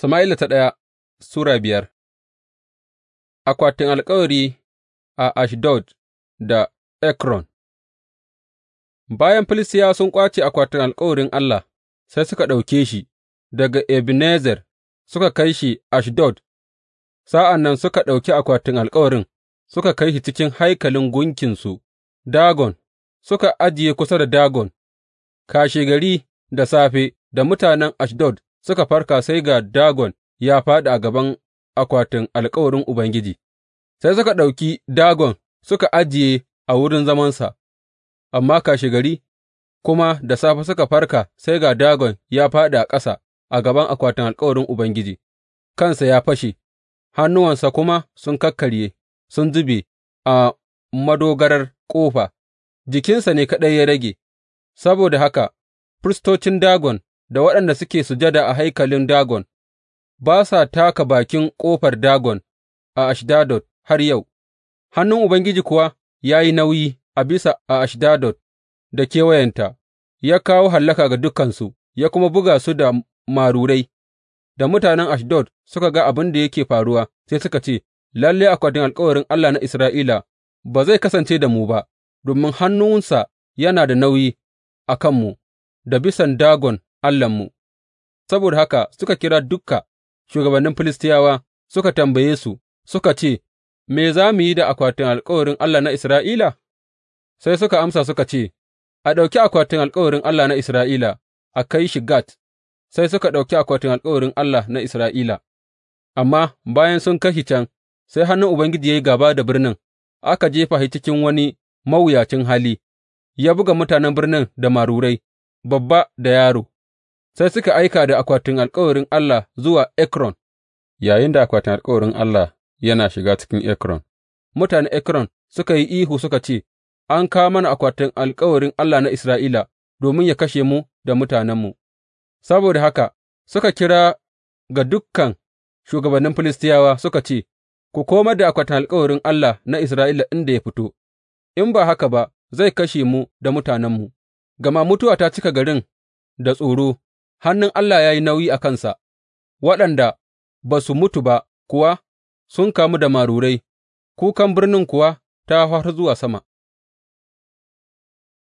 Sama'ila ta ɗaya Sura biyar Akwatin alkawari a Ashdod da Ekron Bayan filistiya sun ƙwace akwatin alkawarin Allah, sai suka ɗauke shi daga Ebenezer suka kai shi Ashdod, sa'an nan suka ɗauki akwatin alkawarin suka kai shi cikin haikalin gunkinsu, Dagon, suka ajiye kusa da Dagon, kashegari da safe da mutanen Ashdod suka farka sai ga Dagon ya fāɗi a gaban akwatin alkawarin Ubangiji, sai suka ɗauki Dagon suka ajiye a wurin zamansa, amma kashegari kuma da safe suka farka sai ga Dagon ya fāɗi a ƙasa a gaban akwatin alkawarin Ubangiji, kansa ya fashe, hannuwansa kuma sun kakkarye, sun zube a madogarar ƙofa, jikinsa ne kaɗai ya rage, saboda haka firistocin Dagon da waɗanda suke sujada a haikalin Dagon, ba sa taka bakin ƙofar Dagon a Ashdodot har yau, hannun Ubangiji kuwa ya yi nauyi a bisa a Ashdodot da kewayenta, ya kawo hallaka ga dukansu, ya kuma buga su da marurai. Da mutanen Ashdod suka ga abin da yake faruwa, sai suka ce, Lalle akwatin alkawarin Allah na Isra'ila ba zai kasance da mu ba, domin hannunsa yana da nauyi a kanmu, da bisan Dagon Allahnmu, saboda haka suka kira duka shugabannin Filistiyawa suka tambaye su suka ce, Me za mu yi da akwatin alkawarin Allah na Isra'ila? Sai suka amsa suka ce, A ɗauki akwatin alkawarin Allah na Isra'ila a kai shi Gat, sai suka ɗauki akwatin alkawarin Allah na Isra'ila, amma bayan sun kai can, sai hannun Ubangiji ya yi gaba da birnin, aka jefa shi cikin wani mawuyacin hali, ya buga mutanen birnin da marurai, babba da yaro. sai suka aika da akwatin alkawarin Allah zuwa Ekron, yayinda akwatin alkawarin Allah yana shiga cikin Ekron, mutanen Ekron suka yi ihu suka ce, An kawo mana akwatin alkawarin Allah na Isra'ila domin ya kashe mu da mutanenmu, saboda haka suka kira ga dukkan shugabannin Filistiyawa suka ce, Ku komar da akwatin alkawarin Allah na Isra'ila inda ya fito, in ba haka ba zai kashe mu da mutanenmu, gama mutuwa ta cika garin da tsoro hannun Allah ya yi nauyi a kansa, waɗanda ba su mutu ba kuwa sun kamu da marurai, kukan birnin kuwa ta har zuwa sama.